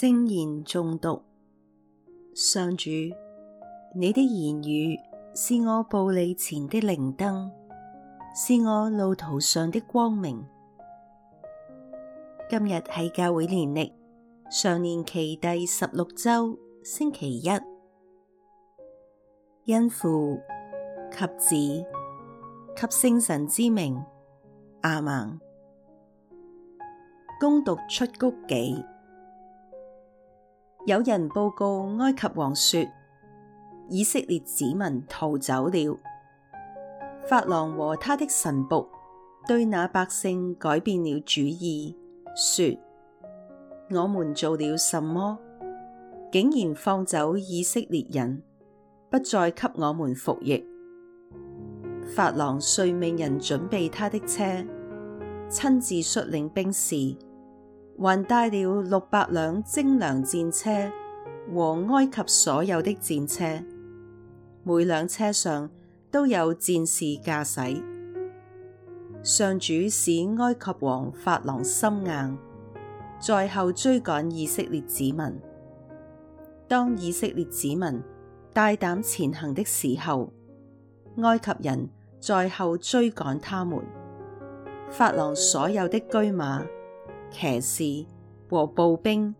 聖言誦讀，上主，你的言語是我步履前的靈燈，是我路途上的光明。今日係教會年曆常年期第十六周星期一，因父及子及聖神之名，阿門。恭讀出谷記有人報告埃及王說，以色列子民逃走了。法郎和他的臣僕對那百姓改變了主意，說：我們做了什麼？竟然放走以色列人，不再給我們服役！法郎遂命人準備他的車，親自率領兵士。還帶了六百輛精良戰車和埃及所有的戰車，每輛車上都有戰士駕駛。上主使埃及王法郎心硬，在後追趕以色列子民。當以色列子民大膽前行的時候，埃及人在後追趕他們。法郎所有的車馬，騎士和步兵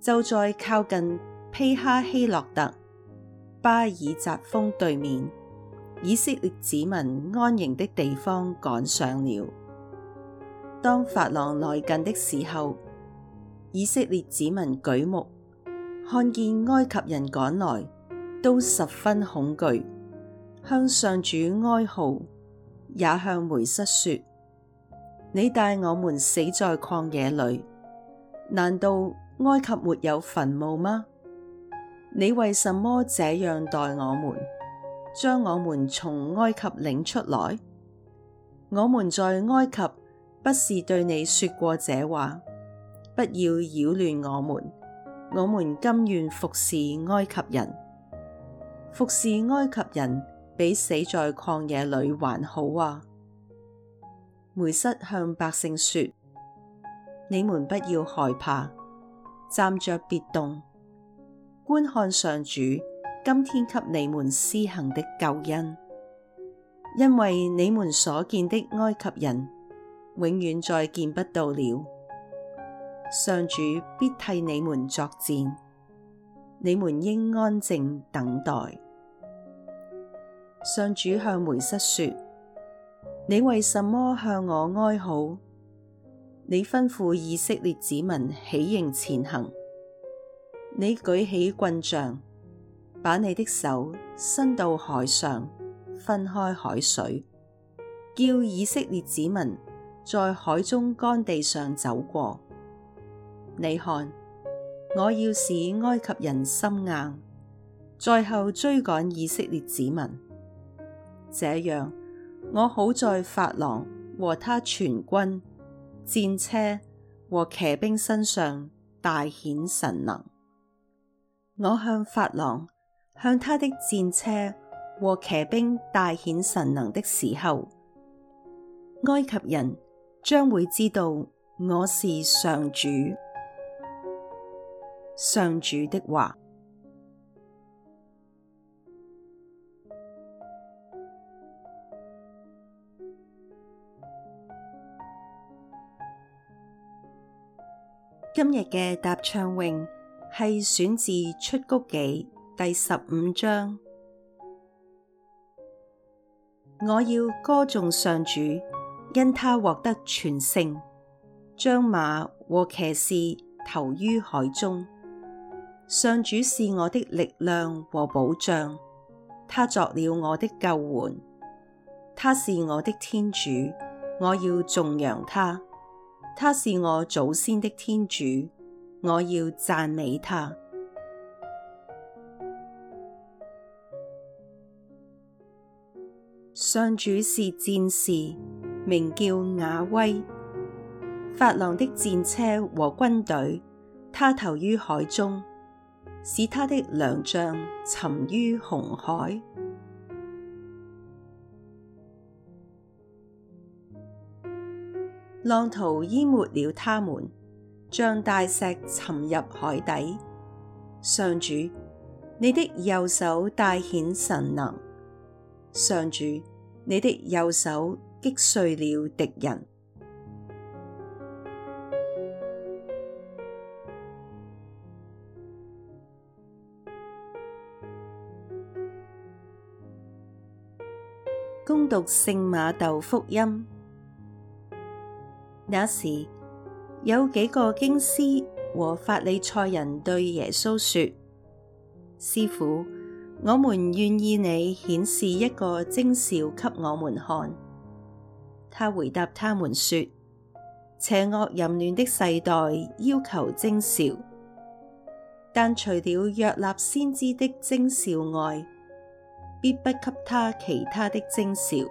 就在靠近丕哈希洛特巴耳責豐對面以色列子民安營的地方趕上了。當法郎來近的時候，以色列子民舉目，看見埃及人趕來，都十分恐懼，向上主哀號，也向梅瑟說。你帶我們死在曠野裏，難道埃及沒有墳墓嗎？你為什麼這樣待我們，將我們從埃及領出來？我們在埃及不是對你說過這話：不要擾亂我們，我們甘願服侍埃及人，服侍埃及人比死在曠野裏還好啊！梅瑟向百姓說：你們不要害怕，站着別動，觀看上主今天給你們施行的救恩，因為你們所見的埃及人，永遠再見不到了。上主必替你們作戰，你們應安靜等待。上主向梅瑟說。你為什麼向我哀號？你吩咐以色列子民起營前行。你舉起棍杖，把你的手伸到海上，分開海水，叫以色列子民在海中乾地上走過。你看，我要使埃及人心硬，在後追趕以色列子民。這樣。我好在法郎和他全軍，戰車和騎兵身上大顯神能。我向法郎，向他的戰車和騎兵大顯神能的時候，埃及人將會知道我是上主。上主的話。今日嘅答唱詠，係選自出谷記第十五章。我要歌頌上主，因他獲得全勝，將馬和騎士投於海中。上主是我的力量和保障，他作了我的救援，他是我的天主，我要頌揚他。他是我祖先的天主，我要讚美他。上主是戰士，名叫雅威。法郎的戰車和軍隊，他投於海中，使他的良將沉於紅海。浪濤淹沒了他們，像大石沉入海底。上主，你的右手大顯神能；上主，你的右手擊碎了敵人。恭讀聖馬竇福音。.那時，有幾個經師和法利賽人對耶穌說：師傅，我們願意你顯示一個徵兆給我們看。他回答他們說：邪惡淫亂的世代要求徵兆，但除了約納先知的徵兆外，必不給他其他的徵兆。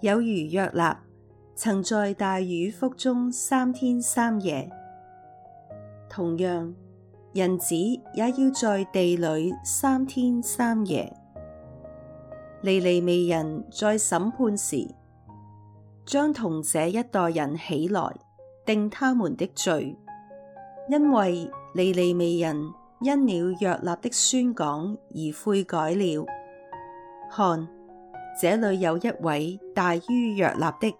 有如約納。曾在大魚腹中三天三夜，同樣人子也要在地裏三天三夜。尼尼微人在審判時，將同這一代人起來，定他們的罪，因為尼尼微人因了約納的宣講而悔改了。看，這裏有一位大於約納的。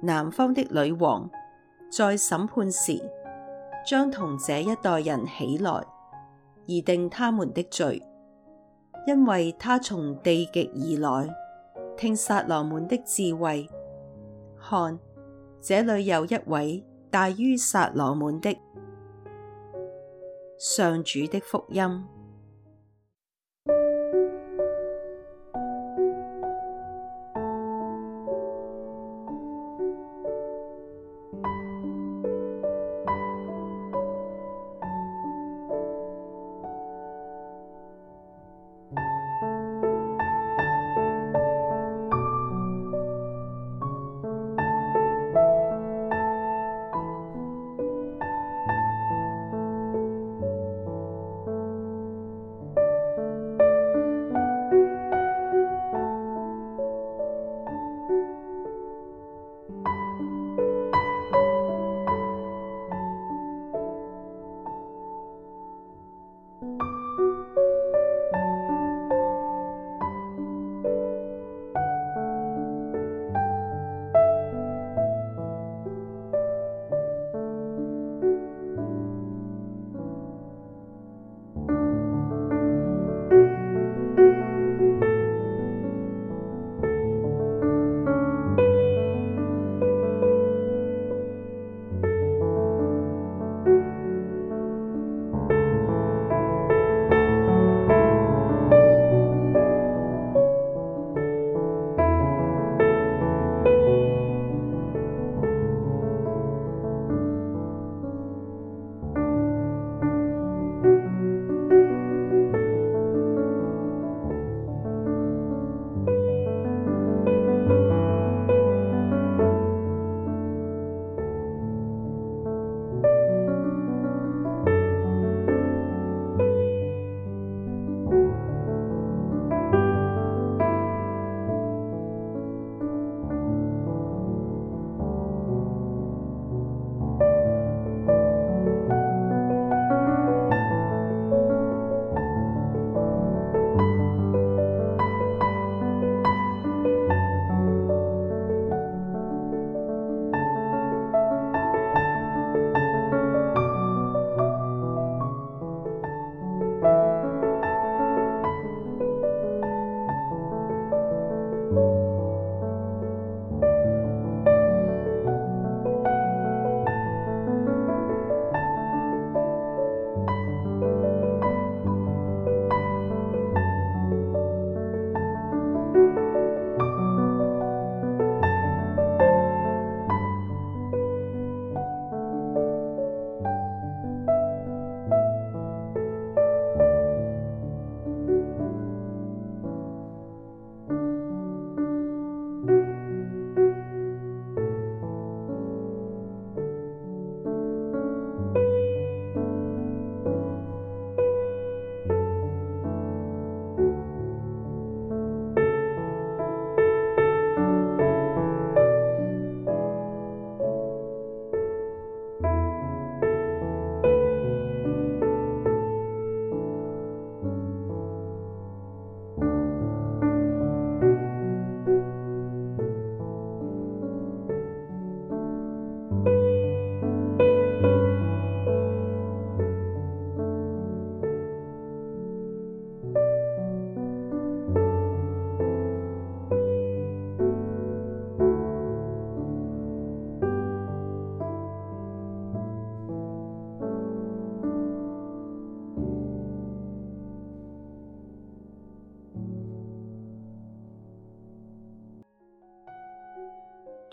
南方的女王，在審判時，將同這一代人起來，而定他們的罪，因為她從地極而來，聽撒羅滿的智慧。看，這裏有一位大於撒羅滿的。上主的福音。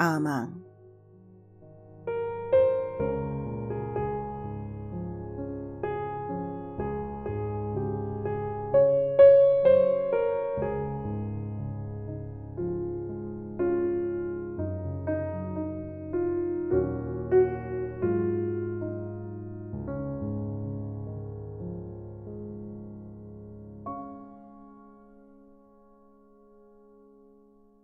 阿曼。